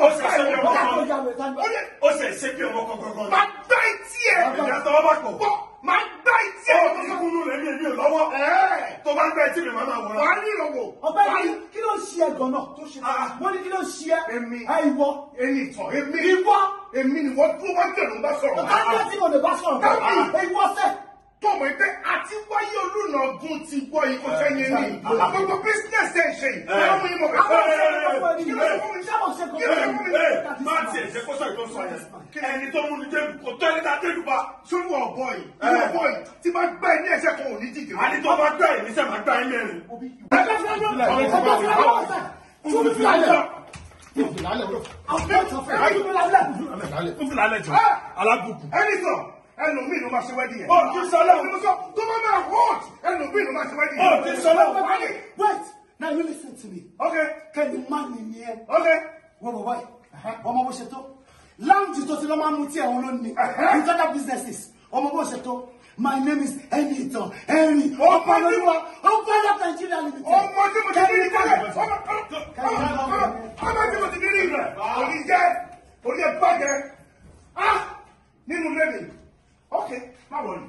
ó ṣe ṣe pé ọmọ kọ̀ọ̀kan. máa gbá etí ẹ̀. ìyá sọ wá kọ̀. máa gbá etí ẹ̀. ọmọ tó kúnnú rẹ̀ mi máa máa wọ̀ra. wàá ní ìrọ̀wọ̀. ọ̀bẹ yìí kí ló ń ṣe ẹ gan-an tó ṣe ah. wọ́n ní kí ló ń ṣe ẹ. èmi ìwọ. èmi ìtọ̀ èmi. ìwọ. èmi ni wọ́n dúró wá jẹ̀ ló ń bá sọ̀rọ̀. ọ̀tá ní ẹ̀ ah. ti wọ ìkọsẹ yẹn ni gbogbo bísínẹsì jẹ́ kó sọ ìtọ́ sọ yẹn ẹni tó mú ni débù kò tó ẹni tá a débù bá. sọ́wọ́ ọ̀bọ yìí ìwọ ọ̀bọ yìí tí bá gbá ẹ ní ẹsẹ̀ kan ò ní jìjì. àní tó bá gbá ẹ ní sẹ́ máa gbá ẹ mẹ́rin. ẹgbẹ́ fúlàjọ́ ọ̀rọ̀ ìfọwọ́sẹ̀ nfilale jọ ah! alabuku. ẹni sọ ẹlòmíì ló máa ṣe wẹ́dí yẹn. o ti sọlá o sọ tó máa máa hot ẹlòmíì ló máa ṣe wẹ́dí yẹn. o ti sọlá o wáyé. wait now you listen to me. okay. kẹ́ni má mi ni ẹ. okay. wọ́n bọ̀ wáyé ọmọ bó ṣe tó láǹtì tó ti lọ́ máa mú tí ẹ̀hún ló ní ìjọba businesses ọmọ bó ṣe tó my name is Ẹniìtàn Henry ọpọlọpọ ọpọlọpọ Nigeria limited. ọmọ tí mo ti ní ìtàlẹ̀ ọmọ tí mo ti ní ìrẹ̀ òní jẹ́ òní ẹ̀ bàjẹ́ ah! nínú lẹ́nu ok má wọlé.